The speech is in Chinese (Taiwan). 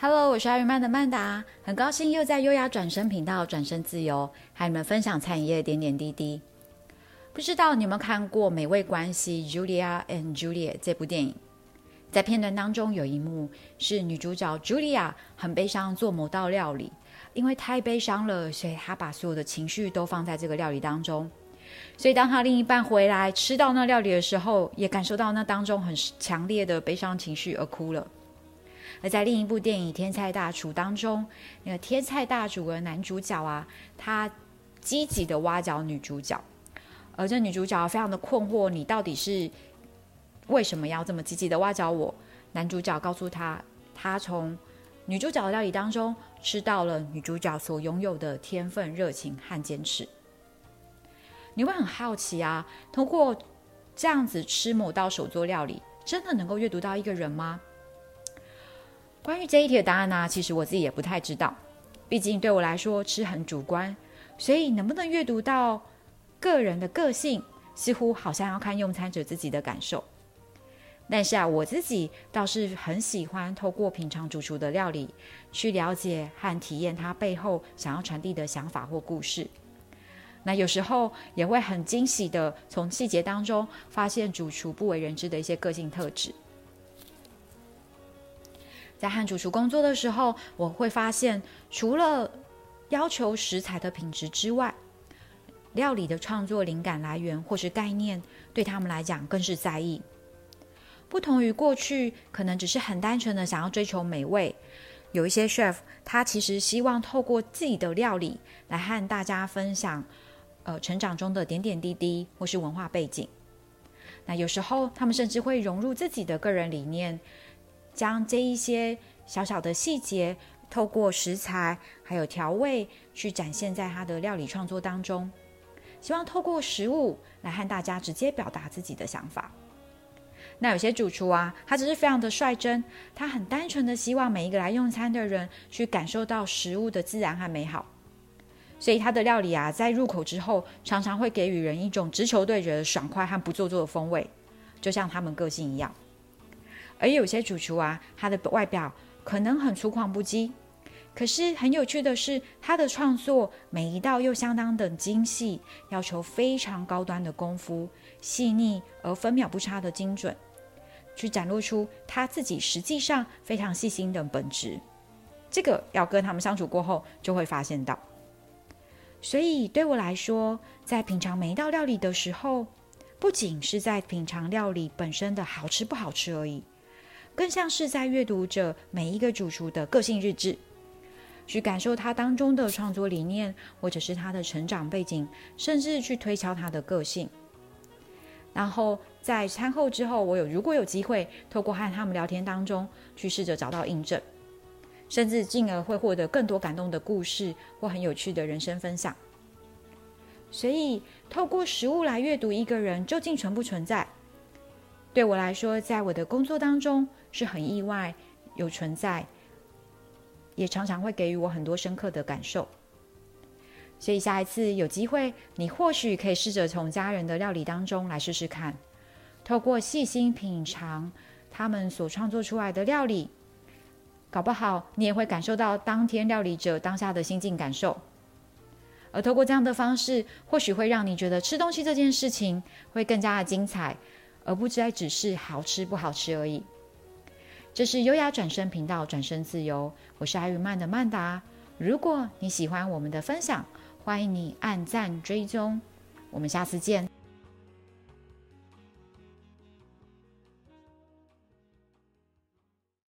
Hello，我是艾宇曼的曼達，很高興又在優雅轉身頻道，轉身自由，和你們分享餐飲業的點點滴滴。不知道你們看過《美味關係》Julia and Julia 這部電影，在片段當中有一幕是女主角 Julia 很悲傷做某道料理，因為太悲傷了，所以她把所有的情緒都放在這個料理當中。所以當她另一半回來吃到那料理的時候，也感受到那當中很強烈的悲傷情緒而哭了。而在另一部電影《天菜大廚》當中，那個《天菜大廚》的男主角啊，他積極的挖角女主角，而這女主角非常的困惑，你到底是為什麼要這麼積極的挖角我？男主角告訴他，他從女主角的料理當中吃到了女主角所擁有的天分、熱情和堅持。你會很好奇啊，通過這樣子吃某道手作料理，真的能夠閱讀到一個人嗎？關於這一題的答案呢，啊，其實我自己也不太知道，畢竟對我來說吃很主觀，所以能不能閱讀到個人的個性，似乎好像要看用餐者自己的感受。但是啊，我自己倒是很喜歡透過品嘗主廚的料理，去了解和體驗他背後想要傳遞的想法或故事。那有時候也會很驚喜地從細節當中發現主廚不為人知的一些個性特質。在和主廚工作的時候，我會發現，除了要求食材的品質之外，料理的創作靈感來源或是概念，對他們來講更是在意。不同於過去，可能只是很單純的想要追求美味，有一些 chef 他其實希望透過自己的料理來和大家分享，呃，成長中的點點滴滴或是文化背景。那有時候他們甚至會融入自己的個人理念。將這一些小小的細節，透過食材還有調味去展現在他的料理創作當中，希望透過食物來和大家直接表達自己的想法。那有些主廚啊，他只是非常的率真，他很單純的希望每一個來用餐的人去感受到食物的自然和美好，所以他的料理啊，在入口之後常常會給予人一種直球對決的爽快和不做作的風味，就像他們個性一樣。而有些主廚啊，他的外表可能很粗獷不羈，可是很有趣的是，他的創作每一道又相當的精細，要求非常高端的功夫，細膩而分秒不差的精準，去展露出他自己實際上非常細心的本質。這個要跟他們相處過後就會發現到。所以對我來說，在品嘗每一道料理的時候，不僅是在品嘗料理本身的好吃不好吃而已。更像是在閱讀着每一個主廚的個性日誌，去感受他當中的創作理念，或者是他的成長背景，甚至去推敲他的個性。然後在餐後之後，我有如果有機會，透過和他們聊天當中去試着找到印證，甚至進而會獲得更多感動的故事或很有趣的人生分享。所以，透過食物來閱讀一個人究竟存不存在？對我來說，在我的工作當中。是很意外有存在，也常常會給予我很多深刻的感受。所以下一次有機會，你或許可以試着從家人的料理當中來試試看，透過細心品嘗他們所創作出來的料理，搞不好你也會感受到當天料理者當下的心境感受。而透過這樣的方式，或許會讓你覺得吃東西這件事情會更加的精彩，而不再只是好吃不好吃而已。這是優雅轉身頻道，轉身自由。我是艾宇曼的曼達。如果你喜歡我們的分享，歡迎你按讚追蹤。我們下次見。